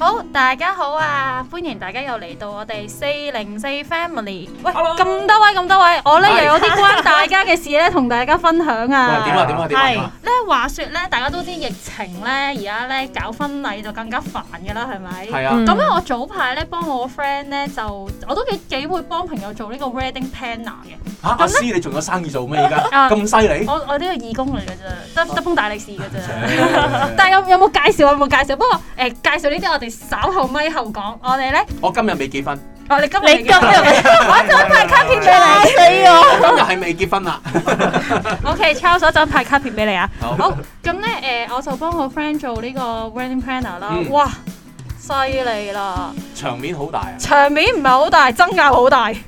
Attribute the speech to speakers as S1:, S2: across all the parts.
S1: 好，大家好啊！歡迎大家又嚟到我哋四零四 Family。喂，咁多位，咁多位，我咧又有啲關大家嘅事咧，同大家分享啊。點啊？點啊？點啊？係咧，話說咧，大家都知疫情咧，而家咧搞婚禮就更加煩噶啦，係咪？係啊。咁樣我早排咧，幫我個 friend 咧，就我都幾幾會幫朋友做呢個 wedding planner 嘅。
S2: 吓，阿師你仲有生意做咩而家？咁犀利？
S1: 我我呢個義工嚟噶啫，得得幫大力士噶啫。但係有有冇介紹啊？有冇介紹？不過誒，介紹呢啲我哋。稍後咪後講，我哋咧。
S2: 我今日未結婚。
S1: 我你今日，
S2: 我今日派卡片俾你，死我！今日係未結婚啦。
S1: O K，抄咗一張派卡片俾你啊。好，咁咧誒，我就幫我 friend 做呢個 wedding planner 啦。哇，犀利啦！
S2: 場面好大啊！
S1: 場面唔係好大，爭拗好大。耶！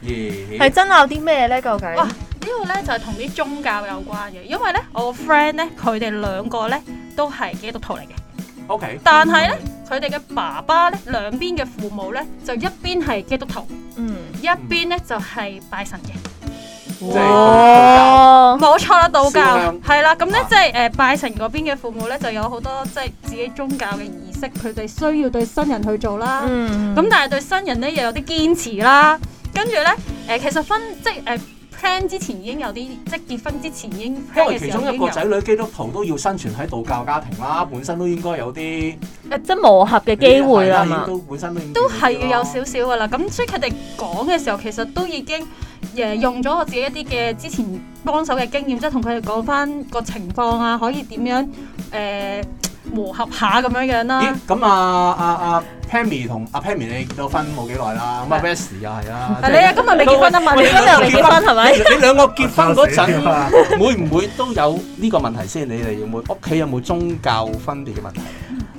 S1: 係爭拗啲咩咧？究竟？哇，呢個咧就係同啲宗教有關嘅，因為咧我 friend 咧佢哋兩個咧都係基督徒嚟嘅。Okay. 但係咧，佢哋嘅爸爸咧，兩邊嘅父母咧，就一邊係基督徒，嗯、mm，hmm. 一邊咧就係、是、拜神嘅。哇！冇錯啦，道教係然啦，咁咧即係誒拜神嗰邊嘅父母咧，就有好多即係、就是、自己宗教嘅儀式，佢哋需要對新人去做啦。嗯、mm，咁、hmm. 但係對新人咧又有啲堅持啦。跟住咧，誒、呃，其實分即係誒。呃聽之前已經有啲，即係結婚之前已經，因為其中一個仔女
S2: 基督徒都要生存喺道教家庭啦，本身都應該有啲，誒、
S1: 呃，即係磨合
S2: 嘅機會啦嘛。都本身
S1: 都都係要有少少噶啦。咁所以佢哋講嘅時候，其實都已經誒、呃、用咗我自己一啲嘅之前幫手嘅經驗，即係同佢哋講翻個情況啊，可以點樣，誒、呃磨合下
S2: 咁樣樣啦。咦？咁啊啊啊，Pammy 同阿 Pammy，你結咗婚冇幾耐啦？咁啊，Bess 又係啦。
S1: 係你啊，今
S2: 日未結婚啊嘛？你今日未結婚係咪？你兩個結婚嗰陣，會唔會都有呢個問題先？你哋有冇屋企有冇宗教分別嘅問題？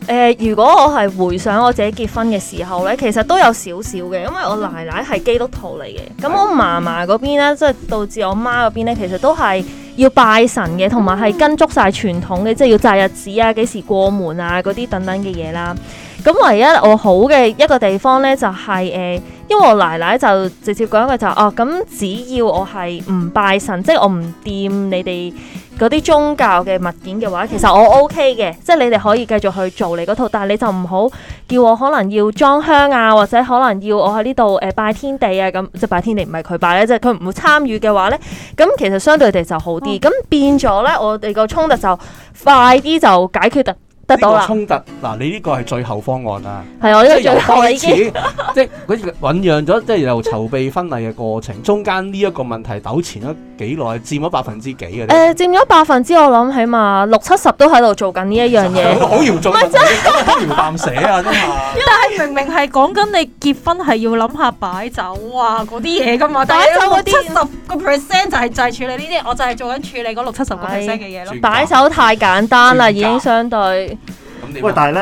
S1: 誒，如果我係回想我自己結婚嘅時候咧，其實都有少少嘅，因為我奶奶係基督徒嚟嘅，咁我嫲嫲嗰邊咧，即係導致我媽嗰邊咧，其實都係。要拜神嘅，同埋係跟足晒傳統嘅，即係要擇日子啊，幾時過門啊，嗰啲等等嘅嘢啦。咁唯一我好嘅一個地方呢，就係、是、誒、呃，因為我奶奶就直接講一句就哦，咁、啊、只要我係唔拜神，即係我唔掂你哋嗰啲宗教嘅物件嘅話，其實我 O K 嘅，即係你哋可以繼續去做你嗰套，但係你就唔好叫我可能要裝香啊，或者可能要我喺呢度誒拜天地啊，咁即係拜天地唔係佢拜咧，即係佢唔會參與嘅話呢，咁其實相對地就好啲，咁、嗯、變咗呢，我哋個衝突就快啲就解決得。呢個衝突
S2: 嗱，你呢個係最後方案啊？係我呢個最後已經 即係醞釀咗，即係又籌備婚禮嘅過程，中間呢一個問題糾纏咗幾耐，佔咗百分之幾嘅？誒，
S1: 佔咗百分之我諗起碼六七十都喺度做緊呢一樣嘢，好
S2: 嚴重，真係都搖蛋死啊！真
S1: 係。但係明明係講緊你結婚係要諗下擺酒啊嗰啲嘢噶嘛？擺酒嗰啲，十個 percent 就係就係處理呢啲，我就係做緊處理嗰六七十個 percent 嘅嘢咯。擺酒家太簡單啦，家已經相對。
S3: 喂，但係咧，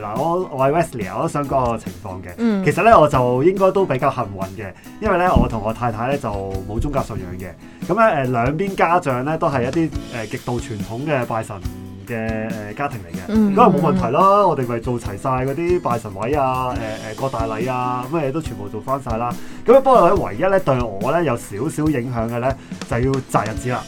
S3: 誒誒嗱，我我係 Wesley，我都想講個情況嘅。其實咧，我就應該都比較幸運嘅，因為咧，我同我太太咧就冇宗教信仰嘅。咁咧誒，兩邊家長咧都係一啲誒、呃、極度傳統嘅拜神嘅誒、呃、家庭嚟嘅，咁啊冇問題咯。我哋咪做齊晒嗰啲拜神位啊、誒誒過大禮啊，咩嘢都全部做翻晒啦。咁啊不過咧，唯一咧對我咧有少少影響嘅咧，就要擇日子啦。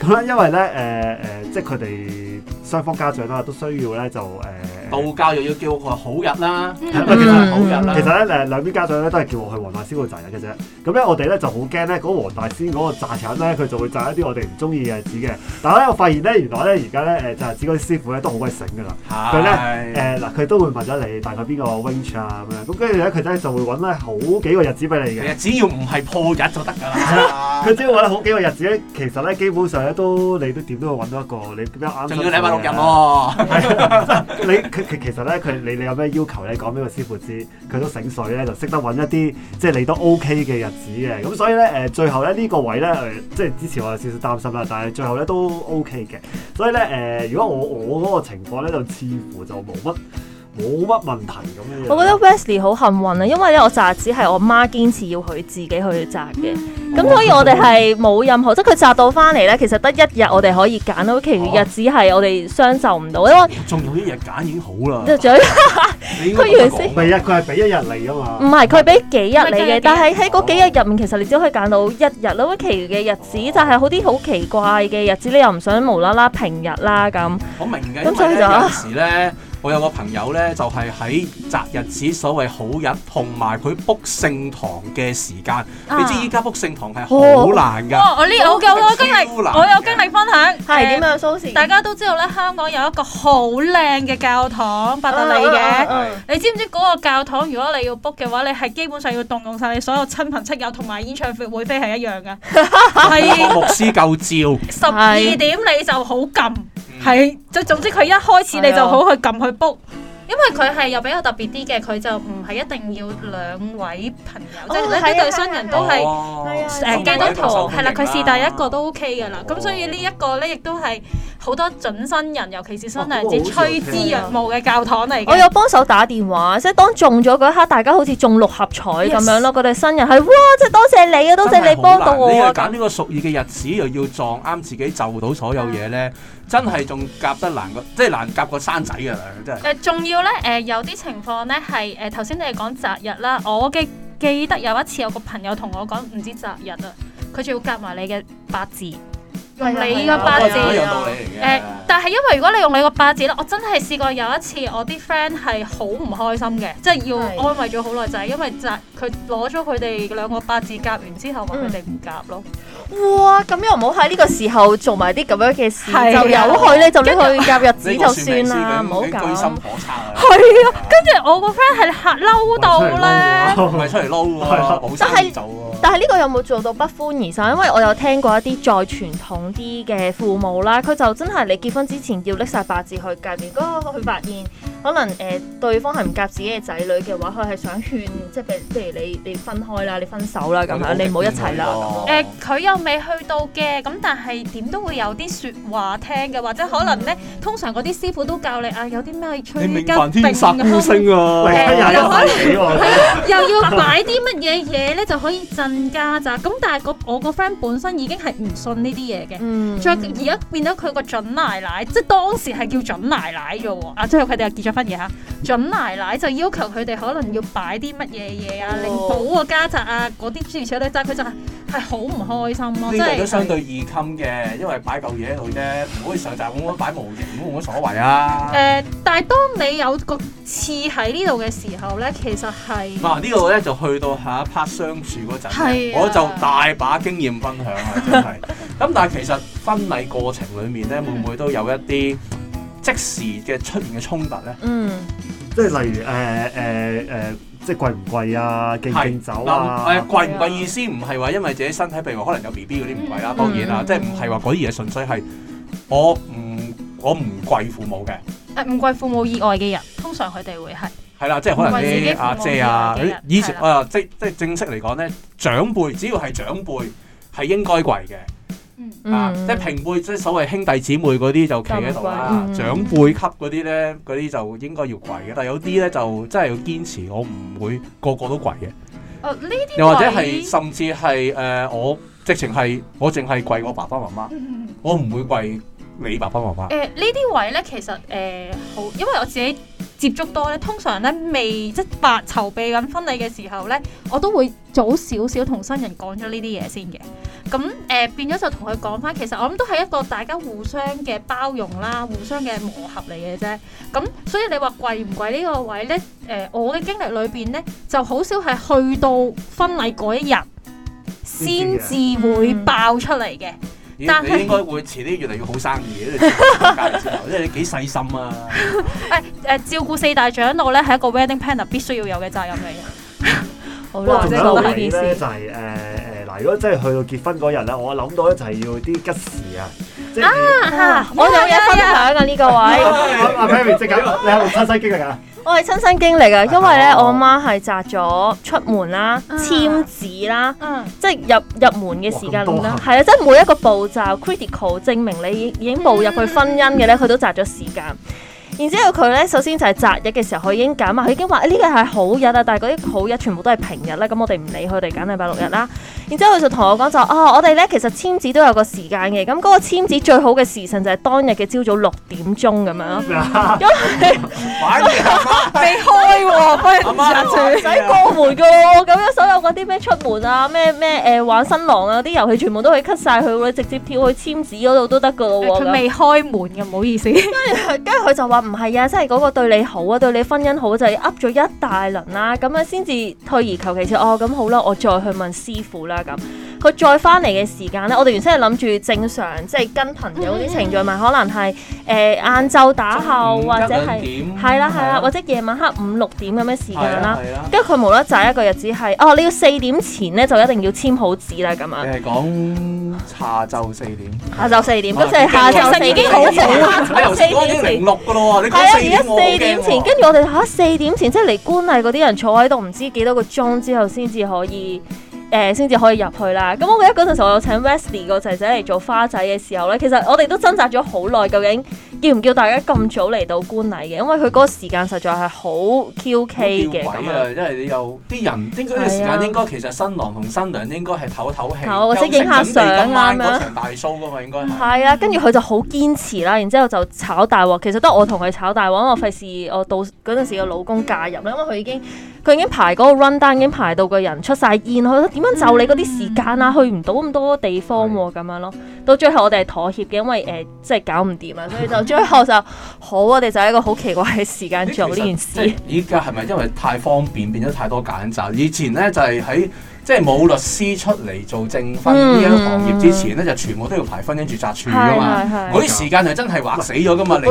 S3: 咁咧因為咧誒誒，即係佢哋。雙方家長啦，都需要咧就誒，呃、道教又要叫佢好日啦，叫個、嗯、實好日啦。其實咧誒兩邊家長咧都係叫我去黃大仙度擇日嘅啫。咁咧我哋咧就好驚咧，嗰黃大仙嗰個擇日咧佢就會擇一啲我哋唔中意嘅日子嘅。但係咧我發現咧原來咧而家咧誒就係指嗰啲師傅咧都好鬼醒㗎啦。佢咧誒嗱佢都會問咗你大概邊個 range 啊咁樣。咁跟住咧佢咧就會揾咧好幾個日子俾你嘅。只要唔係破日就得㗎啦。佢、 啊、只要揾好幾個日子咧，其實咧基本上咧都你都點都會揾到一個你比較啱人你佢其其實咧，佢你你有咩要求咧，講俾個師傅知，佢都醒水咧，就識得揾一啲即係你都 OK 嘅日子嘅，咁所以咧誒、呃，最後咧呢、這個位咧，即、呃、係之前我有少少擔心啦，但係最後咧都 OK 嘅，所以咧誒、呃，如果我我嗰個情況咧，就似乎就冇乜。冇乜問題咁樣。我覺得
S1: Wesley 好幸運啊，因為咧我摘日子係我媽堅持要佢自己去摘嘅，咁所以我哋係冇任何，即係佢摘到翻嚟咧，其實得一日我哋可以揀咯，其餘日子係我哋相就唔到，因為
S3: 仲有一日揀已經好啦。佢原先咪日，佢係俾一日嚟
S1: 啊嘛。唔係，佢係俾幾日嚟嘅，但係喺嗰幾日入面，其實你只可以揀到一日咯。其餘嘅日子就係好啲好奇怪嘅日子，你又唔想無啦啦平日啦咁。好明嘅，咁所以就
S2: 時咧。我有個朋友呢，就係喺擇日子所謂好日，同埋佢 book 聖堂嘅時間。你知依家 book 聖堂係好難㗎。我呢我有經歷，我有
S1: 經歷分享係點啊？大家都知道呢，香港有一個好靚嘅教堂，百德利嘅。你知唔知嗰個教堂如果你要 book 嘅話，你係基本上要動用晒你所有親朋戚友同埋演唱會飛係一樣㗎。係牧
S2: 師舊照，十二
S1: 點你就好撳。係，即總之，佢一開始你就好去撳去 book，因為佢係又比較特別啲嘅，佢就唔係一定要兩位朋友，即係一對新人都係誒寄多圖係啦，佢是但一個都 OK 噶啦，咁所以呢一個咧亦都係。好多準新人，尤其是新娘子，趨之若鶩嘅教堂嚟。我有幫手打電話，即係當中咗嗰一刻，大家好似中六合彩咁樣咯。佢哋 Yes. 新人係哇，真係多謝你啊！多謝你幫到我啊！你又
S2: 揀呢個屬意嘅日子，又要撞啱自己就到，到所有嘢咧，哎、真係仲夾得難過，即係難夾個生仔啊！真係
S1: 誒，仲要咧誒，有啲情況咧係誒頭先你講擇日啦，我嘅記得有一次有個朋友同我講唔知擇日啊，佢仲要夾埋你嘅八字。你個八字啊，但係因為如果你用你個八字咧，我真係試過有一次，我啲 friend 係好唔開心嘅，即係要安慰咗好耐就係，因為就佢攞咗佢哋兩個八字夾完之後問佢哋唔夾咯。哇，咁又唔好喺呢個時候做埋啲咁樣嘅事，就有佢咧，就呢佢夾日子就算啦，
S2: 唔好搞。
S1: 係啊，跟住我個 friend 係嚇嬲
S2: 到咧，唔係出嚟嬲㗎
S1: 嘛，但係呢個有冇做到不歡而散？因為我有聽過一啲再傳統啲嘅父母啦，佢就真係你結婚之前要搦晒八字去計，如果佢發現可能誒、呃、對方係唔夾自己嘅仔女嘅話，佢係想勸，即係譬如你你分開啦，你分手啦咁啊，你唔好一齊啦。誒，佢、呃、又未去到嘅，咁但係點都會有啲説話聽嘅，或者可能呢，通常嗰啲師傅都教你啊，有啲咩催
S2: 根
S3: 定根嘅方法，又要擺
S1: 啲乜嘢嘢咧就可以鎮家宅咁。但係個我個 friend 本身已經係唔信呢啲嘢嘅，再而家變咗佢個準奶奶，即係當時係叫準奶奶咋喎。啊，即係佢哋又結咗婚嘢吓，準奶奶就要求佢哋可能要擺啲乜嘢嘢啊，靈寶、哦、啊，家宅啊嗰啲諸如此類，就佢就。係好唔開心咯，即係都相對
S2: 易襟嘅，因為擺嚿嘢喺度啫，唔可以上集咁樣擺模型，咁冇乜所謂啊。
S1: 誒、呃，但係當你有個刺喺呢度嘅時候咧，其實係，嗱、啊這個、呢度
S2: 咧就去到下一 part 相處嗰陣，啊、我就大把經驗分享啊，真係。咁 但係其實婚禮過程裡面咧，會唔會都有一啲即時嘅出現嘅衝突咧？嗯，
S3: 即係例如誒誒誒。呃呃呃呃即係跪唔跪啊？敬敬酒啊？誒
S2: 跪唔跪意思唔係話因為自己身體譬如話，可能有 B B 嗰啲唔跪啦。當然、嗯、啦，即
S3: 係唔係話嗰啲
S2: 嘢純粹係我唔我唔跪父母
S1: 嘅誒，唔跪、啊、父母以外嘅人，通常佢哋會係
S2: 係啦，即係可能啲阿姐啊，啊以前的啊，即即係正式嚟講咧，長輩只要係長輩係應該跪嘅。啊！即係平輩，即係所謂兄弟姊妹嗰啲就企喺度啦。嗯、長輩級嗰啲咧，嗰啲就應該要跪嘅。但係有啲咧就真係要堅持，我唔會個個都跪嘅。誒，呢啲又或者係甚至係誒、呃，我直情係我淨係跪我爸爸媽媽，我唔會跪你爸爸媽媽。誒、
S1: 呃，呢啲位咧，其實誒、呃，好，因為我自己。接觸多咧，通常咧未即係籌備緊婚禮嘅時候咧，我都會早少少同新人講咗呢啲嘢先嘅。咁誒、呃、變咗就同佢講返，其實我諗都係一個大家互相嘅包容啦，互相嘅磨合嚟嘅啫。咁所以你話貴唔貴呢個位咧？誒、呃，我嘅經歷裏邊咧，就好少係去到婚禮嗰一日先至會爆出嚟嘅。但你應該
S2: 會遲啲越嚟越好生意嘅，因為 你幾細心啊！
S1: 誒誒，照顧四大長老咧，係一個 wedding planner 必須要有嘅責任嚟嘅。 好難做到呢件事
S3: 咧，就係誒誒嗱，如果真係去到結婚嗰日咧，我諗到咧就係要啲吉時啊！啊，我有嘢分享啊！呢個位阿 Amy，即刻你喺度刷新記錄啊！
S1: 我係親身經歷啊，因為咧我媽係摘咗出門啦，簽紙啦，uh, uh, 即係入入門嘅時間啦，係啊，即係每一個步驟 critical，證明你已已經步入去婚姻嘅咧，佢都摘咗時間。然之後佢咧，首先就係擇日嘅時候，佢已經揀啊，佢已經話：呢個係好日啊！但係嗰啲好日全部都係平日咧，咁我哋唔理佢，我哋揀禮拜六日啦。然之後佢就同我講就：哦，我哋咧其實簽紙都有個時間嘅，咁嗰個簽紙最好嘅時辰就係當日嘅朝早六點鐘咁樣咯。未開喎，唔使過門嘅喎，咁樣所有嗰啲咩出門啊、咩咩誒玩新郎啊啲遊戲，全部都可以 cut 晒佢，直接跳去簽紙嗰度都得嘅咯喎。未開門嘅唔好意思。跟住佢，跟住佢就話。唔係啊，即係嗰個對你好啊，對你婚姻好，啊，就噏咗一大輪啦，啊，咁樣先至退而求其次哦。咁好啦，我再去問師傅啦。咁佢再翻嚟嘅時間呢，我哋原先係諗住正常，即係跟朋友嗰啲程序咪，嗯，可能係誒晏晝打後或者係係啦係啦，啊啊，或者夜晚黑五六點咁嘅時間啦。跟住佢冇啦，就，啊啊，一個日子係哦，你要四點前呢，就一定要簽好字啦。咁啊，下晝四點，下晝四點，即係下晝四點已經好遲啦。已經零六噶咯啊，而家四點前，跟住我哋吓四點前，即係嚟觀禮嗰啲人坐喺度，唔知幾多個鐘之後先至可以，誒，先至可以入去啦。咁我記得嗰陣時我有請 Wesley 個仔仔嚟做花仔嘅時候咧，其實我哋都掙扎咗好耐，究竟。叫唔叫大家咁早嚟到觀禮嘅？因為佢嗰個時間實在係好 QK 嘅，因為你有
S2: 啲人應該啲時間應該其實新郎同新娘應該係唞唞氣或者影下相。嗰場大 show 噶嘛，
S1: 應該係啊！跟住佢就好堅持啦，然之後就炒大鑊。其實都我同佢炒大鑊，我費事我到嗰陣時個老公介入啦，因為佢已經佢已經排嗰個 run down 已經排到個人出晒煙，我覺得點樣就你嗰啲時間啦，去唔到咁多地方咁樣咯。到最後我哋係妥協嘅，因為誒即係搞唔掂啊，所以就。最後就好，我哋就喺一個好奇怪嘅時間
S2: 做呢件事。依家係咪因為太方便，變咗太多揀擇？以前咧就係、是、喺。即係冇律師出嚟做證婚呢一個行業之前咧，就全部都要排婚姻註冊處噶嘛，嗰啲時間係真係畫死咗噶嘛。十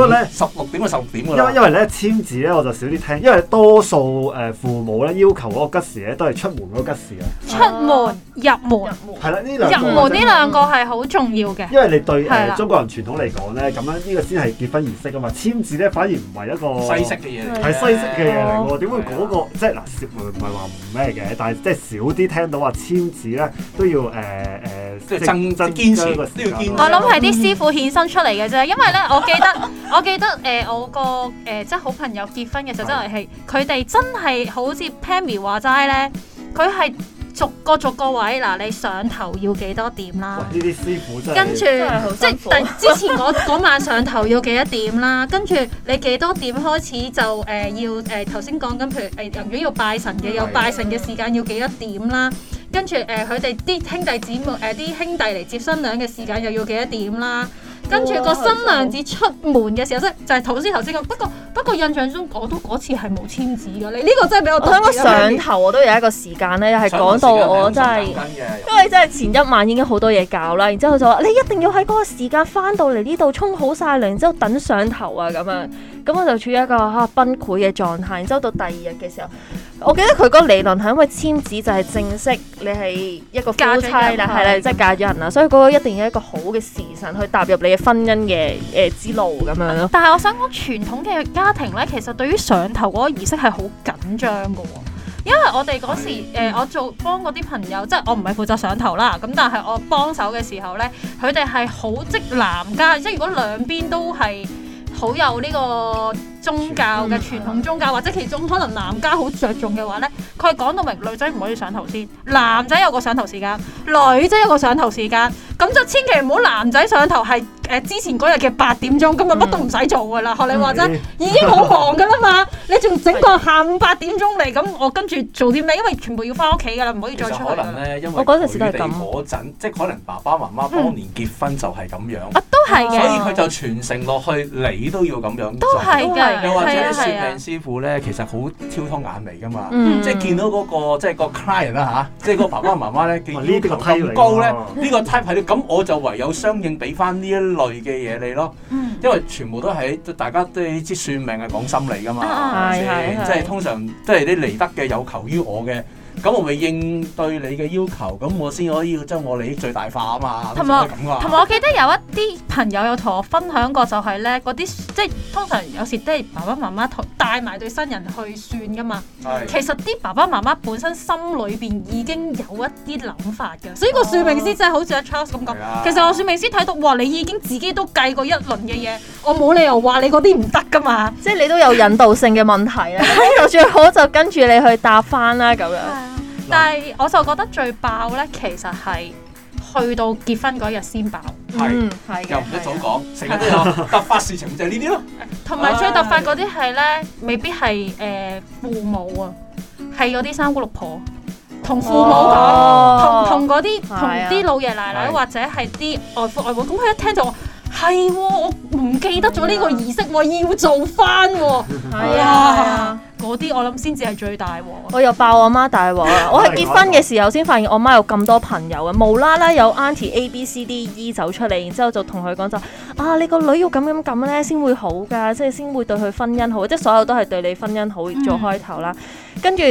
S2: 六點咪十六點㗎啦。因為
S3: 咧簽字咧，我就少啲聽，因為多數誒父母咧要求嗰個吉時咧都係出門嗰個吉時啊。
S1: 出門入門係啦，呢兩個入門呢兩個係好重要嘅。因為
S3: 你對誒中國人傳統嚟講咧，咁樣呢個先係結婚儀式㗎嘛。簽字咧反而唔係一個西式嘅嘢嚟，係西式嘅嘢嚟喎。點會嗰個即係嗱，唔係話唔咩嘅，但係即係少啲聽。聽到話簽字咧，都要誒誒，即係爭爭堅持，個都要堅持。我諗係啲
S1: 師傅衍生出嚟嘅啫，因為咧，我記得 我記得誒、呃、我、個誒、呃、即係好朋友結婚嘅時候，的真係係佢哋真係好似 Pammy 話齋咧，佢係。逐個逐個位，嗱，你上頭要幾多點啦？呢
S3: 啲師傅真係，跟着真係好
S1: 辛苦。即係之前我嗰晚上頭要幾多點啦？ 跟住你幾多點開始就誒、呃、要誒頭先講緊，譬如誒如果要拜神嘅，有拜神嘅時間要幾多點啦？嗯、跟住誒佢哋啲兄弟姊妹誒啲、呃、兄弟嚟接新娘嘅時間又要幾多點啦？跟住個新娘子出門嘅時候，即、啊、就係頭先頭先講，啊、不過不過印象中我都嗰次係冇簽字嘅。你呢個真係比較多。我睇個上頭，我都有一個時間咧，係講上頭到我真係，因為真係前一晚已經好多嘢搞啦。然之後就話你一定要喺嗰個時間翻到嚟呢度沖好晒涼，之後等上頭啊咁樣。咁我就處於一個嚇崩潰嘅狀態，然之後到第二日嘅時候，我記得佢嗰個理論係因為簽字就係正式，你係一個夫妻啦，係啦，即、就、係、是、嫁咗人啦，所以嗰個一定要一個好嘅時辰去踏入你嘅婚姻嘅誒、呃、之路咁樣咯、嗯。但係我想講傳統嘅家庭咧，其實對於上頭嗰個儀式係好緊張嘅，因為我哋嗰時的、呃、我做幫嗰啲朋友，即係我唔係負責上頭啦，咁但係我幫手嘅時候咧，佢哋係好即男家，即係如果兩邊都係。好有呢個宗教嘅傳統宗教，或者其中可能男家好着重嘅話呢，佢係講到明女仔唔可以上頭先，男仔有個上頭時間，女仔有個上頭時間。咁就千祈唔好男仔上頭係誒之前嗰日嘅八點鐘，今日乜都唔使做噶啦，學你話齋，已經好忙噶啦嘛，你仲整個下午八點鐘嚟咁，我跟住做啲咩？因為全部要翻屋企噶啦，唔可以再出。其實可能咧，因
S2: 為佢哋嗰陣，即係可能爸爸媽媽當年結婚就係咁樣，啊
S1: 都係嘅，所以佢
S2: 就傳承落去，你都要咁樣。都係嘅，
S1: 又或者算命
S2: 師傅咧，其實好挑通眼眉噶嘛，即係見到嗰個即係個 client 啦吓，即係個爸爸媽媽咧，見要求咁高咧，呢個 type 係啲。咁我就唯有相應俾翻呢一類嘅嘢你咯，因為全部都係大家都係呢啲算命係講心理噶嘛，即係通常都係啲嚟得嘅有求於我嘅。咁我咪應對你嘅要求，咁我先可以將我利益最大化啊嘛，同埋，咁同埋我
S1: 記得有一啲朋友有同我分享過，就係咧嗰啲即係通常有時都係爸爸媽媽帶埋對新人去算噶嘛。其實啲爸爸媽媽本身心裏邊已經有一啲諗法嘅，所以個算命師真係好似阿 Charles 咁講。其實我算命師睇到，哇！你已經自己都計過一輪嘅嘢，我冇理由話你嗰啲唔得噶嘛。即係你都有引導性嘅問題呀，我最好就跟住你去答翻啦咁樣。但係我就覺得最爆咧，其實係去到結婚嗰日先爆，係、嗯、又唔一早
S2: 講，成嗰啲咯，突發事情就係呢啲咯，
S1: 同埋最突發嗰啲係咧，未必係誒、呃、父母啊，係嗰啲三姑六婆，同父母、哦、同同嗰啲同啲老爺奶奶，或者係啲外父外母，咁佢一聽就。係、 啊，我唔記得咗呢個儀式，我要做翻。係啊，嗰啲我諗先至係最大鑊。我又爆我媽，媽大鑊啊！我係結婚嘅時候先發現我媽，媽有咁多朋友啊，無啦啦有 Auntie A、B、C、D、E 走出嚟，然之後就同佢講就啊，你個女要咁樣咁咧先會好噶，即係先會對佢婚姻好，即係所有都係對你婚姻好做開頭啦，跟住。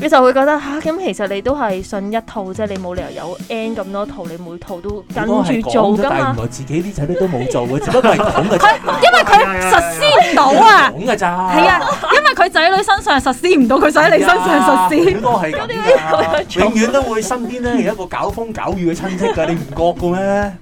S1: 你就會覺得嚇，咁其實你都係信一套啫，你冇理由有 N 咁多套，你每套都跟住做噶嘛。應該係講啫，但係原
S2: 來自己啲仔女都冇做嘅，只不過係講嘅。佢因為佢實
S1: 施唔到啊，講嘅咋？係啊，因為佢仔女身上實施唔到，佢想喺你身上實施啊。應該
S2: 係咁啊，永遠都會身邊咧有一個搞風搞雨嘅親戚噶，你唔覺嘅咩？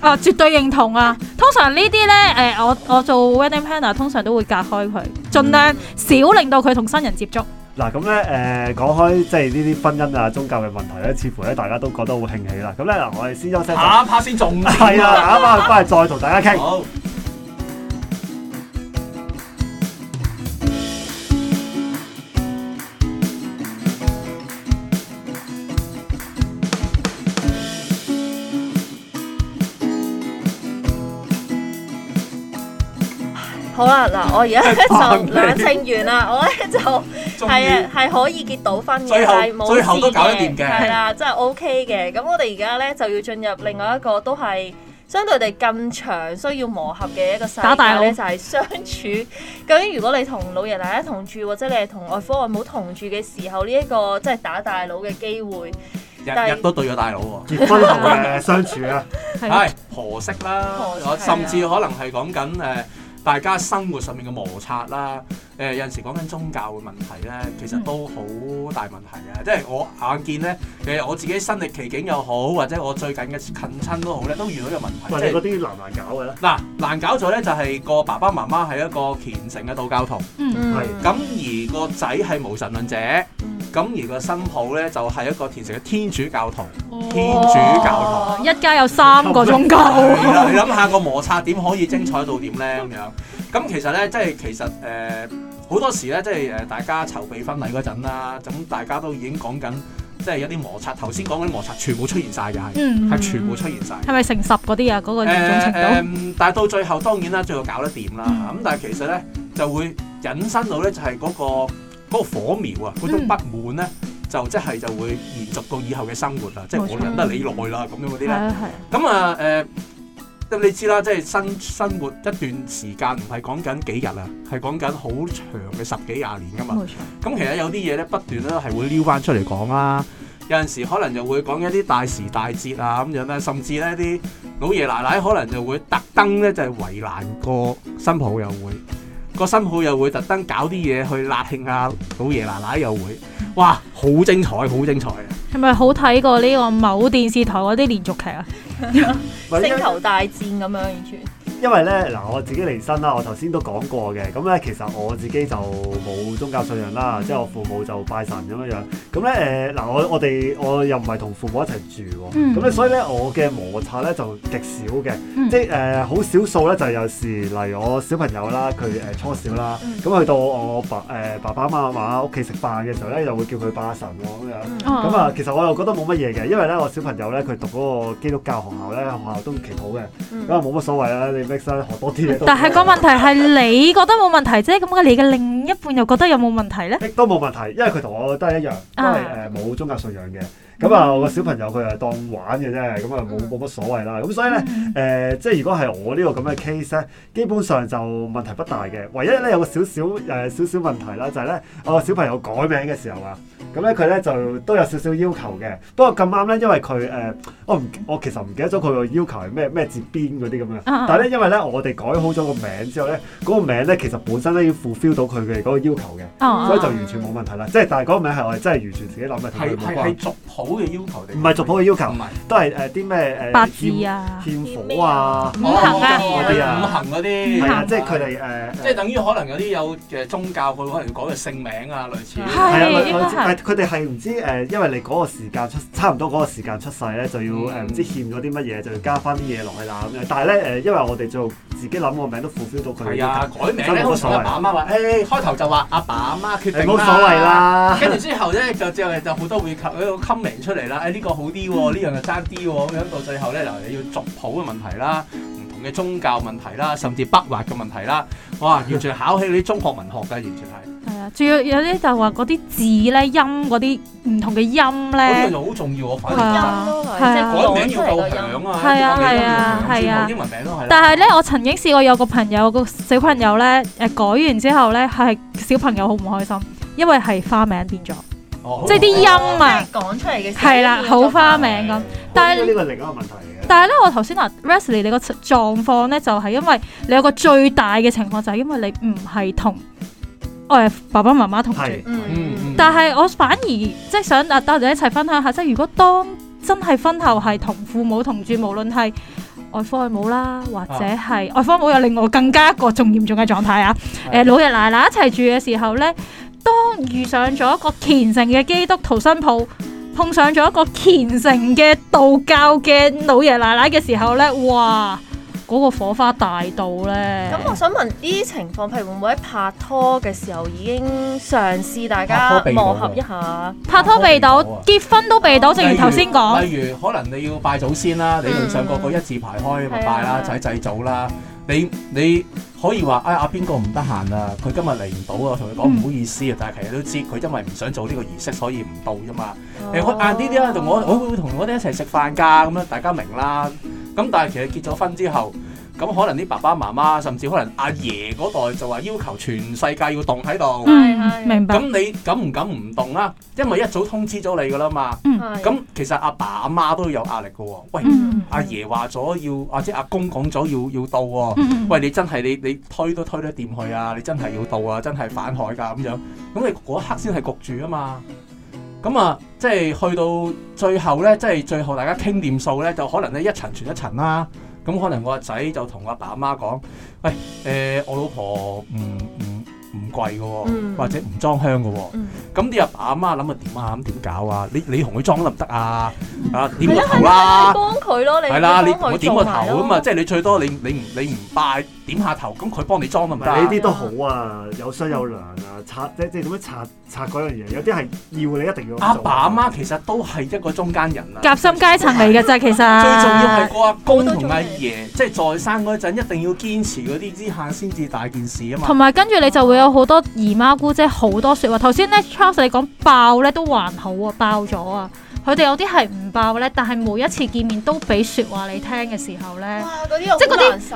S1: 啊，絕對認同啊！通常呢啲咧，誒，我我做 wedding planner 通常都會隔開佢，儘量少令到佢同新人接觸。
S3: 嗱，咁咧，誒、呃、講開即係呢啲婚姻啊、宗教嘅問題咧，似乎咧大家都覺得好興起啦。咁咧嗱，我哋先休息下，下 part 先，仲係啊，下 part 翻嚟再同大家傾。好。
S1: 好啦，嗱，我而家就冷清完啦，我咧就係、是、啊，係要可以結到婚嘅，最，後最後都搞掂嘅，係啦，真係 OK 嘅。咁我哋而家咧就要進入另外一個都係相對地咁長需要磨合嘅一個世界咧，打大佬就係相處。究竟如果你同老人奶奶同住，或者你係同外父外母同住嘅時候，呢、這、一個即係打大佬嘅機會，日日都對咗大佬喎， 結
S2: 婚同佢哋相處啊，係 婆媳啦，啦甚至可能係講緊誒。呃大家生活上面嘅摩擦啦，誒、呃、有陣時講緊宗教嘅問題咧，其實都好大問題嘅。嗯、即係我眼見咧，其實我自己身歷其境又好，或者我最近嘅近親都好咧，都遇到嘅問題，是即係嗰啲難唔難搞嘅咧？嗱，難搞咗咧就係個爸爸媽媽係一個虔誠嘅道教徒，係咁、嗯、的而個仔係無神論者。咁而個新抱咧就係、是、一個虔誠嘅天主教徒，天主教徒、
S1: 哦啊、一家有三個宗教。 對 你諗下
S2: 個摩擦點可以精彩到點咧？咁樣咁其實咧，即係其實誒好、呃、多時咧，即係誒大家籌備婚禮嗰陣啦，咁大家都已經講緊，即係有啲摩擦。頭先講緊摩擦，全部出現晒，嘅係、嗯，係全部出現晒，係
S1: 咪成十嗰啲啊？嗰、那個嚴重程
S2: 度？呃呃、但係到最後當然啦，最後搞得掂啦。咁、嗯、但係其實咧就會引申到咧，就係嗰、那個。嗰個火苗啊，嗰種不滿咧、嗯，就即、是、係就會延續到以後嘅生活啊，嗯、即係我忍得你耐啦咁樣嗰啲咧。咁啊誒，咁、呃、你知啦，即係生生活一段時間唔係講緊幾日啊，係講緊好長嘅十幾廿年噶嘛。咁錯其實有啲嘢咧不斷咧係會撩翻出嚟講啦。嗯、有陣時可能就會講一啲大時大節啊咁樣咧，甚至咧啲老爺奶奶可能就會特登咧就係為難個新抱又會。個新抱又會特登搞啲嘢去辣慶下老爺奶奶又會，哇，好精彩，好精彩啊！係咪好
S1: 睇過呢個某電視台嗰啲連續劇啊？ 星球大戰咁樣完全。
S3: 因為咧嗱，我自己離身啦，我頭先都講過嘅，咁咧其實我自己就冇宗教信仰啦，嗯、即係我父母就拜神咁樣樣。咁咧誒嗱，我我哋我又唔係同父母一齊住喎，咁咧、嗯、所以咧我嘅摩擦咧就極少嘅，嗯、即係誒好少數咧就有時，例如我小朋友啦，佢誒、呃、初小啦，咁去到我爸誒、呃、爸爸媽媽屋企食飯嘅時候咧，又會叫佢拜神喎咁樣。咁啊，其實我又覺得冇乜嘢嘅，因為咧我小朋友咧佢讀嗰個基督教學校咧，學校都祈禱嘅，咁啊冇乜所謂啦你多但係個問
S1: 題係，你覺得冇問題啫，咁嘅 你嘅另一半又覺得有冇問題咧？
S3: 都冇問題，因為佢同我都係一樣，都係誒冇宗教信仰嘅。啊呃咁啊，我個小朋友佢係當玩嘅啫，咁啊冇冇乜所謂啦。咁所以咧，誒、mm hmm. 呃，即係如果係我呢個咁嘅 case 咧，基本上就問題不大嘅。唯一咧有一個少少誒少少問題啦，就係、是、咧我個小朋友改名嘅時候啊，咁咧佢咧就都有少少要求嘅。不過咁啱咧，因為佢誒、呃、我唔我其實唔記得咗佢個要求係咩咩字邊嗰啲咁嘅。但係咧，uh huh. 因為咧我哋改好咗、那個名之後咧，嗰個名咧其實本身咧要 fulfill 到佢嘅嗰個要求嘅，所以就完全冇問題啦。即係、uh huh. 但係嗰個名係我哋真係完全自己諗嘅，同佢冇關。Uh huh. 族譜嘅要求唔係族譜嘅要求，都係誒啲咩誒？欠啊、欠火啊、五行啊、嗰啲啊，五行嗰啲係啊，即係佢哋誒，即
S2: 係等於可能有啲有嘅宗教佢可能改個姓名啊，類似係啊，應該係。
S3: 誒佢哋係唔知誒，因為你嗰個時間出差唔多嗰個時間出世咧，就要誒唔知欠咗啲乜嘢，就要加翻啲嘢落去啦咁樣。但係咧誒，因為我哋就自己諗個名都 fulfill 到佢哋要求，就冇所謂。阿爸阿媽話，誒開頭就話
S2: 阿爸阿媽決定冇所謂啦。跟住之後咧，就之後就好多會求嗰個出嚟啦！哎，呢個好啲喎，呢樣就爭啲喎，咁樣到最後咧，嗱，你要族譜嘅問題啦，唔同嘅宗教問題啦，甚至筆畫嘅問題啦，哇！完全考起你啲中學文學㗎，完全係。係啊，
S1: 仲要有啲就話嗰啲字咧音嗰啲唔同嘅音咧。嗰樣就好
S2: 重要啊！改名，即係改名要夠響啊！係啊係啊係啊！英文名
S1: 都係。但係咧，我曾經試過有個朋友個小朋友咧，誒改完之後咧，係小朋友好唔開心，因為係花名變咗。
S3: 即係啲音啊，講
S1: 出嚟嘅係啦，好花名咁。但係是呢個另一個問題，但係是咧，我頭先話 Resley 你個狀況咧就係、是、因為你有個最大嘅情況就係、是、因為你唔係同我爸爸媽媽同住。但係我反而即係、就是、想啊，等我哋一齊分享下，即、就、係、是、如果當真係婚後係同父母同住，無論係外父外母啦，或者係外父母有另外更加一個仲嚴重嘅狀態啊！誒、啊啊，老爺奶奶一齊住嘅時候咧。當遇上咗一個虔誠嘅基督徒新抱，碰上咗一個虔誠嘅道教嘅老爺奶奶嘅時候呢，哇，嗰個火花大到呢！咁我想問啲情況，譬如會唔會喺拍拖嘅時候已經嘗試大家磨合一下？拍拖被堵，結婚都被堵，正如頭先講。例如
S2: 可能你要拜祖先啦，理論上個個一字排開咪，拜啦，仔祭祖啦，你你。可以話啊，啊邊個唔得閒啊？佢今日嚟唔到啊，我同佢講唔好意思啊。嗯、但係其實都知佢因為唔想做呢個儀式，所以唔到啫嘛。誒、啊，欸啊、我晏啲啲啦，同我我會同我哋一齊食飯㗎咁樣，大家明啦。咁但係其實結咗婚之後，咁可能啲爸爸媽媽，甚至可能阿爺嗰代就話要求全世界要動喺度。嗯，嗯，明白。咁你敢唔敢唔動啦？因為一早通知咗你噶啦嘛。嗯，咁、嗯、其實阿爸阿媽、媽都有壓力噶、哦。喂，嗯、阿爺話咗要，或者阿公講咗要要到、哦。嗯，喂，你真係你你推都推得掂佢啊！你真係要到啊！真係反海噶咁樣。咁你嗰一刻先係焗住啊嘛。咁啊，即係去到最後呢，即係最後大家傾掂數呢，就可能咧一層傳一層啦、啊。咁可能我阿仔就同我阿爸阿媽講：喂，誒、呃，我老婆唔唔唔貴嘅，哦嗯、或者唔裝香嘅，哦。咁啲阿爸阿媽諗啊，點啊，咁點搞啊？你你同佢裝得唔得啊！啊，點個頭啦、啊！
S1: 幫佢咯，你幫佢的做下。係啦，你我點個頭啊嘛，即
S2: 係、啊、你最多你你你唔拜。 點下頭，咁佢幫你裝唔得？呢啲都好
S3: 啊，嗯、有商有量啊，擦即即點樣擦擦嗰樣嘢？有啲係要你一定要阿、啊、爸阿媽，其實都係一個中
S2: 間人啊，
S1: 夾心階層嚟嘅咋，其實 最重
S2: 要係個阿公同阿爺，即在生嗰陣一定要堅持嗰啲之下，先至大件事啊嘛。同埋
S1: 跟住你就會有好多姨媽姑姐好多説話。頭先咧 Charles 你講爆咧都還好啊，爆咗啊！佢哋有啲係唔爆咧，但係每一次見面都俾説話你聽嘅時候咧，哇！嗰啲真係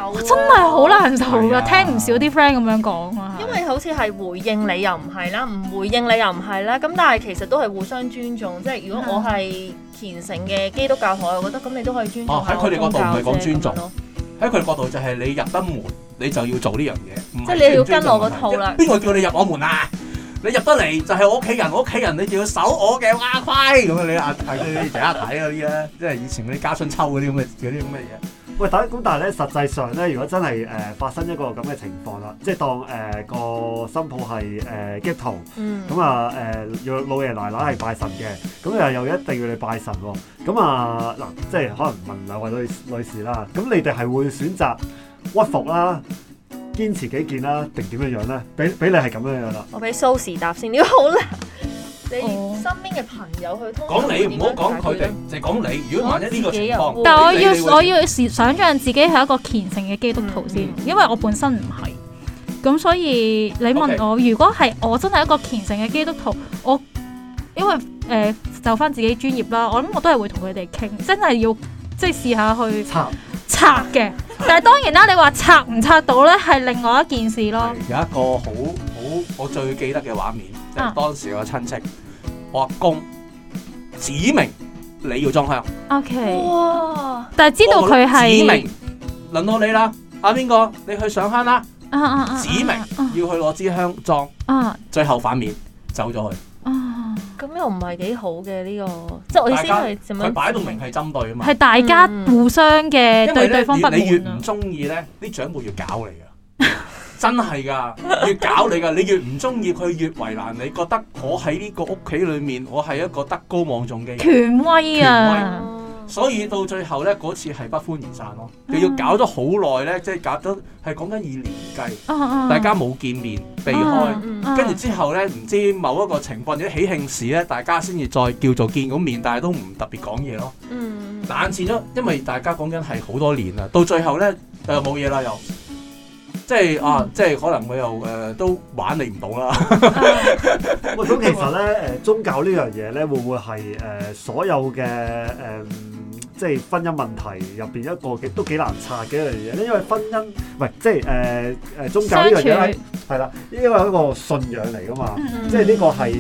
S1: 好難受㗎，聽唔少啲 friend 咁樣講啊。是因為好似係回應你又唔係啦，唔回應你又唔係啦，咁但係其實都係互相尊重。即係如果我係虔誠嘅基督教徒，我覺得咁你都可以尊重、嗯。喺佢哋角度唔係講尊
S2: 重，喺佢哋角度就係你入得門，你就要做呢樣嘢。即係你要跟我個套啦。邊個叫你入我門啊？你入得嚟就係我屋企人，我屋企人你就要守我嘅話費咁啊！ 你阿太嗰啲大
S3: 家睇啲咧，即係以前嗰啲家春秋嗰啲咁嘅啲咁嘅嘢。喂，但咁但係咧，實際上咧，如果真係誒、呃、發生一個咁嘅情況啦，即係當誒、呃、個新抱係誒基督徒，咁啊誒，要、呃、老爺奶奶係拜神嘅，咁、嗯、又、嗯、又一定要你拜神喎。咁啊嗱，即係可能問兩位、呃呃、女士女士啦，咁、呃、你哋係會選擇屈服啦？堅持己見啦、啊，定點樣樣咧、啊？俾俾你係咁樣樣啦。
S1: 我俾蘇士答先，你好難。 你身邊嘅朋友去通討。講你唔好講
S2: 佢哋，就係講你。你嗯、如果萬一呢個情況，但我要，會我，要我
S1: 要想像自己係一個虔誠嘅基督徒先，嗯、因為我本身唔係。咁所以你問我，Okay. 如果係我真係一個虔誠嘅基督徒，我因為誒、呃、就翻自己專業啦，我諗我都係會同佢哋傾，真係要即係、就是、試，試下去。拆嘅， 但係當然啦，你話拆唔拆到咧，係另外一件事咯。嗯、有
S2: 一個好好我最記得嘅畫面，就係、是、當時個親戚，我阿公指明你要裝香。
S1: O Okay . K，哇！但係知道佢係指明
S2: 輪到你啦，阿邊個你去上香啦。指明要去攞支香裝。嗯，最後反面走咗去。
S1: 咁又唔係幾好嘅呢、呢個，即係我意思係，佢擺到明
S2: 係針對啊嘛，係
S1: 大家互相嘅、嗯、對，對對方不滿啊，因為越你
S2: 越唔中意咧，啲長輩越搞你啊， 真係噶，越搞你噶，你越唔中意佢越為難你，覺得我喺呢個屋企裏面，我係一個德高望重嘅人，權威啊。所以到最後咧，嗰次係不歡而散咯。嗯、又要搞咗好耐咧，即係搞得係講緊以年計，啊啊、大家冇見面，避開。跟住、啊嗯啊、之後咧，唔知某一個情況，或者喜慶時咧，大家先至再叫做見咁面，但係都唔特別講嘢咯。冷戰咗，因為大家講緊係好多年啦。到最後咧，誒冇嘢
S3: 啦又。即係啊，嗯、即係可能佢又誒都玩你唔到啦。咁 其實咧，誒、呃、宗教呢樣嘢咧，會唔會係誒、呃、所有嘅誒？呃即係婚姻問題入邊一個幾都幾難拆嘅一樣嘢咧，因為婚姻唔係即係誒誒宗教呢樣嘢係啦，因為處、係、一個信仰嚟㗎嘛，嗯、即係呢個係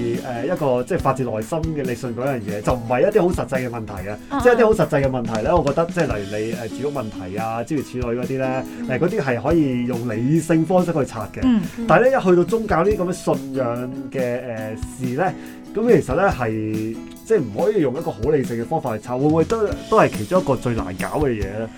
S3: 誒一個即係發自內心嘅你信嗰樣嘢，就唔係一啲好實際嘅問題嘅，嗯、即係一啲好實際嘅問題咧，我覺得即係例如你誒住屋問題啊，諸如此類嗰啲咧，誒嗰啲係可以用理性方式去拆嘅，嗯嗯、但係咧一去到宗教呢啲咁嘅信仰嘅誒事咧。呃呃嗯嗯嗯嗯嗯嗯咁其實咧係即係唔可以用一個好理性嘅方法嚟查，會唔會都都係其中一個最難搞嘅嘢咧？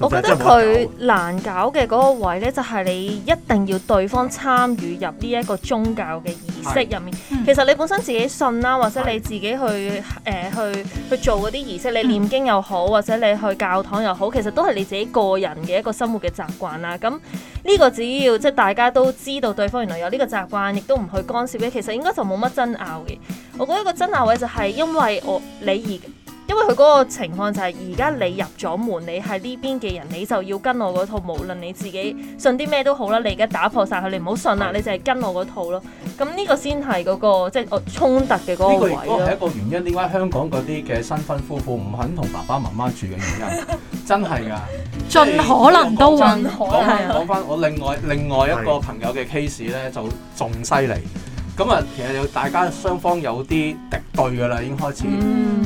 S3: 我覺得佢
S1: 難搞嘅嗰個位咧，就係、是、你一定要對方參與入呢一個宗教嘅。式入面，其實你本身自己信啦，或者你自己去誒、呃、去去做嗰啲儀式，你唸經又好，或者你去教堂又好，其實都係你自己個人嘅一個生活嘅習慣啦。咁呢個只要即係大家都知道對方原來有呢個習慣，亦都唔去干涉咧，其實應該就冇乜爭拗嘅。我覺得個爭拗位就係因為我你而。因為佢嗰個情況就係而家你入咗門，你係呢邊嘅人，你就要跟我嗰套，無論你自己信啲咩都好啦。你而家打破晒佢，你唔好信啦，的你就係跟我嗰套咯。咁呢個先係嗰個即係我衝突嘅嗰個位咯。呢個係一
S2: 個原因，點解香港嗰啲嘅新婚夫婦唔肯同爸爸媽媽住嘅原因， 真係噶、啊， 盡可能、哎、都允許。講翻我另外另外一個朋友嘅 case 咧，就仲犀利。咁啊，其實又大家雙方有啲敵對噶啦，已經開始，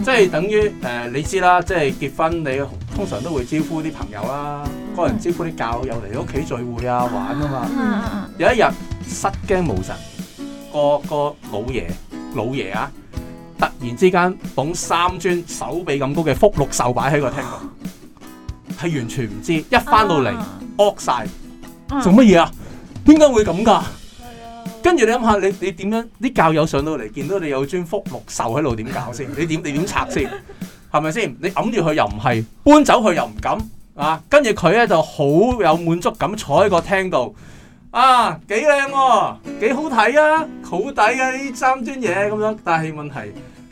S2: 即係等於誒你知啦，即係結婚你通常都會招呼啲朋友啦，個人招呼啲教友嚟屋企聚會啊玩啊嘛。有一日失驚無神，個個老爺老爺啊，突然之間捧三尊手臂咁高嘅福祿壽擺喺個廳度，係完全唔知，一翻到嚟惡晒，
S3: 做乜
S2: 嘢啊？點解會咁㗎？跟住你諗下，你你點樣？啲教友上到嚟，見到你有尊福祿壽喺度，點搞先？你點你點拆先？係咪先？你揞住佢又唔係，搬走佢又唔敢啊！跟住佢咧就好有滿足感，坐喺個廳度啊，幾靚啊，幾好睇啊，好抵啊！呢、啊、三尊嘢咁樣，但係問題。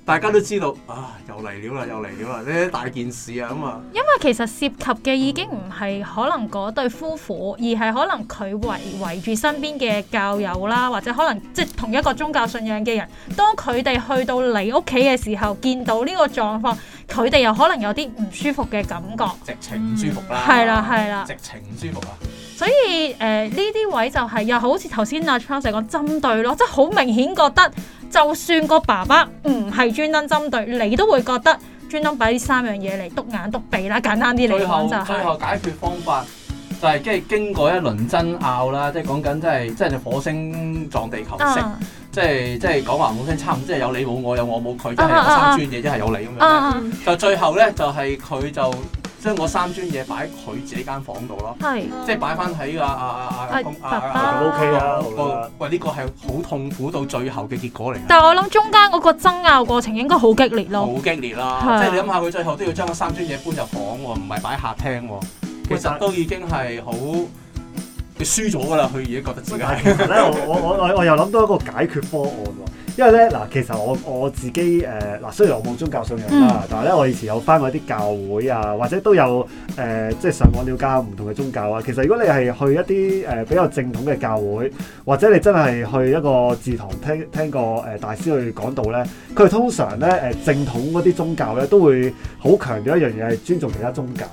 S2: 大家都知道啊，又嚟了啦，又嚟了啦！呢啲大件事啊，咁啊，
S1: 因為其實涉及嘅已經唔係可能嗰對夫婦，而係可能佢圍圍住身邊嘅教友啦，或者可能即係同一個宗教信仰嘅人。當佢哋去到你屋企嘅時候，見到呢個狀況，佢哋又可能有啲唔舒服嘅感覺，
S2: 直情唔舒服啦。係啦，嗯，係啦。直情唔舒服啊。
S1: 所以誒呢啲位就係，是，又好似頭先阿 c 成講針對咯，即係好明顯覺得。就算個爸爸唔係專登針對你，都會覺得專登擺呢三樣嘢嚟篤眼篤鼻啦。簡單啲嚟講就最後，最後
S2: 解決方法就係即係經過一輪爭拗啦，即係講緊即係即係火星撞地球式，啊、即係即係講話冇聲差唔多，即係有你冇我，有，有我冇佢、啊，即係三尊嘢，一係有你咁、啊、樣。啊、就最後咧就係、係、佢就。將我三尊嘢擺喺佢自己間房度咯，係、啊，即係擺翻喺阿阿阿阿阿 O K 啦，喂呢個係好、這個、痛苦到最後嘅結果嚟。
S1: 但係我諗中間嗰個爭拗過程應該好激烈咯，好
S2: 激烈啦，啊、即係你諗下佢最後都要將嗰三尊嘢搬入房喎，唔係擺喺客廳喎，其實都已經係好，你輸咗噶啦，佢而家覺得自己咧
S3: 我我我又諗到一個解決方案喎。因為咧，嗱，其實我我自己誒，嗱、呃，雖然我冇宗教信仰啦，但係咧，我以前有返過啲教會啊，或者都有誒、呃，即係上網了解下唔同嘅宗教啊。其實如果你係去一啲誒、呃、比較正統嘅教會，或者你真係去一個字堂聽聽個誒、呃、大師去講道咧，佢哋通常咧誒、呃、正統嗰啲宗教咧都會好強調一樣嘢係尊重其他宗教。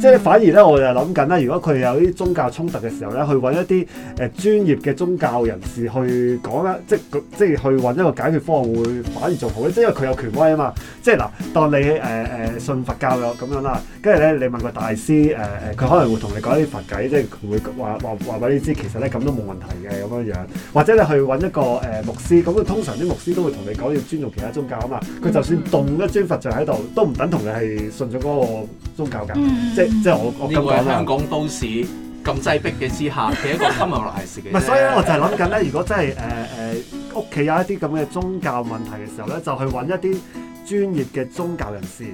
S3: 即係反而咧，我就諗緊咧，如果佢有啲宗教衝突嘅時候咧，去揾一啲誒專業嘅宗教人士去講啦，即係即係去揾一個解決方案會反而仲好咧，即係因為佢有權威啊嘛。即係嗱，當你誒誒、呃、信佛教咁樣啦，跟住咧你問個大師誒誒，佢、呃、可能會同你講啲佛偈，即係會話話話俾你知，其實咧咁都冇問題嘅咁樣樣。或者你去揾一個誒牧師，咁佢通常啲牧師都會同你講要尊重其他宗教啊嘛。佢就算動一尊佛像喺度，都唔等同你係信咗嗰個宗教㗎，即係。即係我我咁講香
S2: 港都市咁擠迫嘅之下，其實一個心有難事嘅。唔係，所以咧我就係
S3: 諗緊咧，如果真係誒誒屋企有一啲咁嘅宗教問題嘅時候咧，就去揾一啲專業嘅宗教人士。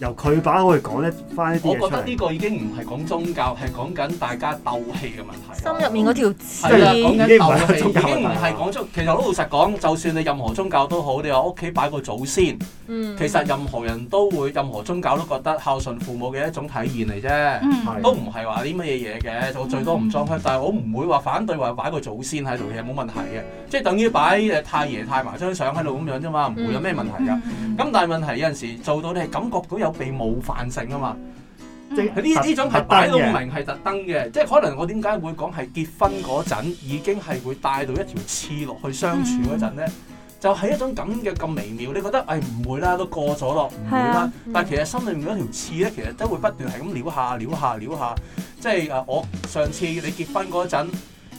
S3: 由佢把可以講一翻，我覺得呢
S2: 個已經唔係講宗教，係講緊大家鬥氣嘅問題。心入面嗰條線。即係已經唔係講出。其實老實講，就算你任何宗教都好，你話屋企擺個祖先，其實任何人都會，任何宗教都覺得孝順父母嘅一種體現嚟啫。都唔係話啲乜嘢嘢嘅，我最多唔裝香。但係我唔會話反對話擺個祖先喺度嘅冇問題嘅，即係等於擺太爺太嫲張相喺度咁樣啫嘛，唔會有咩問題㗎。咁但係問題有陣時做到你係感覺。都有被冒犯性啊嘛！
S3: 即呢呢種係擺到明係
S2: 特登嘅，即係可能我點解會講係結婚嗰陣已經係會帶到一條刺落去相處嗰陣咧？就係一種咁嘅咁微妙，你覺得誒唔會啦，都過咗咯，唔會啦。但係其實心裏面嗰條刺咧，其實都會不斷係咁撩下、撩下、撩下。即係誒，我上次你結婚嗰陣，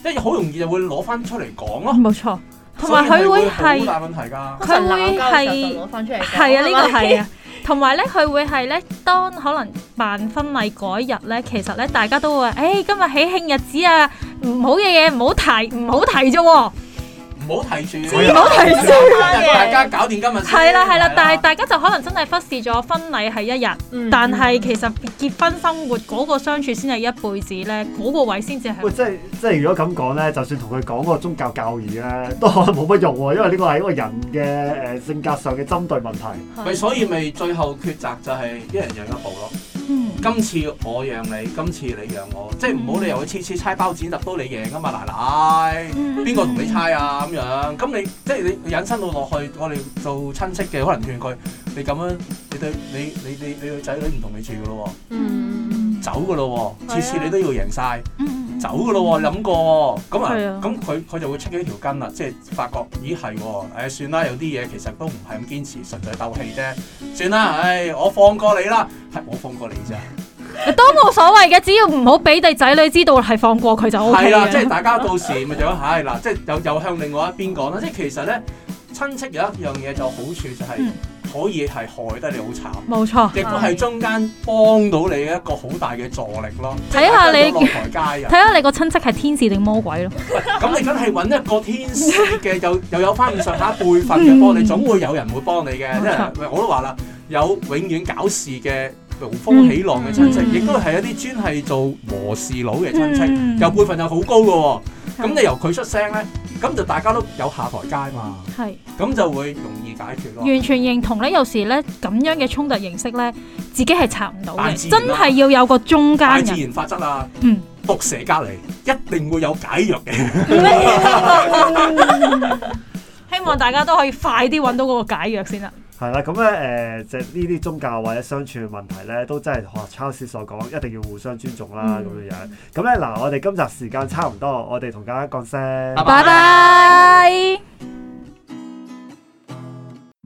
S2: 即係好容易就會攞翻出嚟講咯。冇錯，同埋佢會係好大問題㗎。佢會係攞翻出嚟講。係啊，呢個係啊。
S1: 同埋咧，佢會係咧，當可能辦婚禮嗰日咧，其實咧，大家都會誒、欸，今日喜慶日子啊，唔好嘅嘢唔好提，唔好提啫喎。
S2: 唔好提住，唔好提住。大家搞掂
S1: 今日。係啦係啦，但係大家就可能真係忽視咗婚禮係一日，但係其實結婚生活嗰個相處先係一輩子咧，嗰個位先至係。喂，
S3: 即係即係如果咁講咧，就算同佢講個宗教教義咧，都可能冇乜用，因為呢個係一個人嘅誒性格上嘅針對問題。係咪？所以咪最後抉
S2: 擇就係一人讓一步咯。今次我讓你，今次你讓我，嗯、即係唔好理由佢次次猜包剪揼到你贏㗎嘛，奶奶，邊個同你猜啊咁樣？咁你即係你引申到落去，我哋做親戚嘅，可能勸佢，你咁樣你對你你你你個仔女唔同你住㗎咯喎。嗯走噶咯喎，次次你都要贏晒，走噶咯喎，諗過咁的啊，咁佢佢就會出咗條筋啦，即係發覺咦係喎、哎，算啦，有啲嘢其實都唔係咁堅持，純粹鬥氣啫，算啦，唉、哎，我放過你啦、哎，我放過你啫，
S1: 都冇所謂嘅，只要唔好俾你仔女知道係放過佢就好、OK。K 啦。即係大家到
S2: 時咪就有，係、哎、嗱，即係又又向另外一邊講啦。即係其實咧，親戚有一樣嘢就好處就係、是。嗯可以係害得你好慘，冇錯。亦都係中間幫到你一個好大嘅助力咯。睇下你落台階人，睇
S1: 下你個親戚係天使定魔鬼咯。
S2: 咁你梗係搵一個天使嘅，又又有返咁上下輩份嘅幫你，總會有人會幫你嘅。即係我都話啦，有永遠搞事嘅風起浪嘅親戚，亦都係一啲專係做和事佬嘅親戚，又輩份又好高嘅喎。咁你由佢出聲咧。咁就大家都有下台階嘛，係是，咁就會容易解決咯。完全
S1: 認同咧，有時咧咁樣嘅衝突形式咧，自己係拆唔到，嘅、啊。真係要有個中間人。自然
S2: 法則啊，嗯，毒
S3: 蛇隔籬一定會有解藥嘅。
S1: 希望大家都可以快啲揾到嗰個解藥先啦。
S3: 係啦，咁咧誒，就呢啲宗教或者相處嘅問題咧，都真係學超師所講，一定要互相尊重啦，咁樣樣。咁咧嗱，我哋今集時間差唔多，我哋同大家講聲，拜拜，拜
S1: 拜。